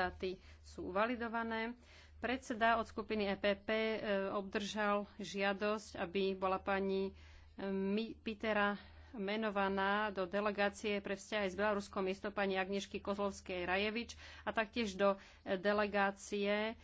štáty sú validované. Predseda od skupiny EPP e, obdržal žiadosť, aby bola pani e, Pitera menovaná do delegácie pre vzťahy s Bieloruskom miesto pani Agnieszky Kozlovskej Rajevič a taktiež do e, delegácie